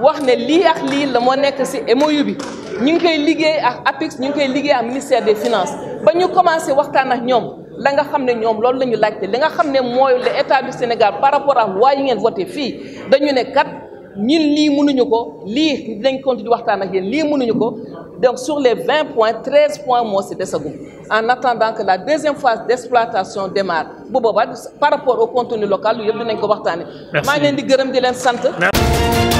wax ne li ak li la mo nek ci MOU bi ñu ngi koy liggéey ak APEX ñu ngi koy liggéey ak ministère des finances ba ñu commencé waxtaan ak ñoom la nga xam ne ñoom loolu la ñu laajte li nga xam ne mooy le état du Sénégal par rapport ak loi yi ngeen voté fii dañu ne kat ñun lii mënuñu ko lii dañ di waxtaan ak yéen lii mënuñu ko donc sur les vingt points treize points moo ci desagum en attendant que la deuxième phase d'exploitation démarre bu boobaa par rapport au contenu local yëpp dinañ ko waxtaanee. maa ngi leen di gërëm di leen sant.